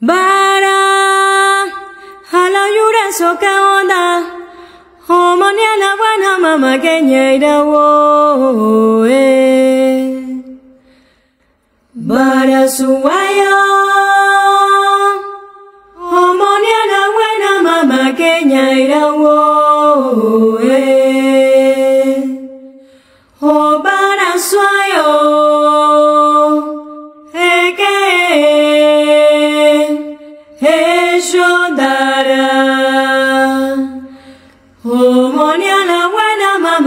Bara, halayura soka ona, ni wana mama kenyeira wo e. Eh. Bara suwayo, ni wana mama kenyeira wo e. Eh. Ho bara suwayo.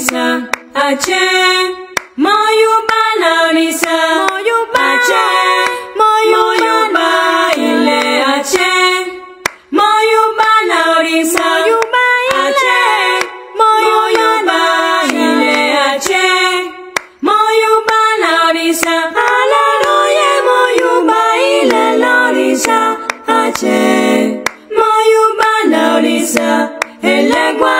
Larisa, Ache, Moyuba Larisa, Moyuba, Ache, Moyuba, Ile, Ache, Moyuba Larisa, Moyuba, Ile, Moyuba, Ile, Ache, Moyuba Larisa, Alaroye, Moyuba, Ile, Larisa, Ache, Moyuba Larisa, Elegua,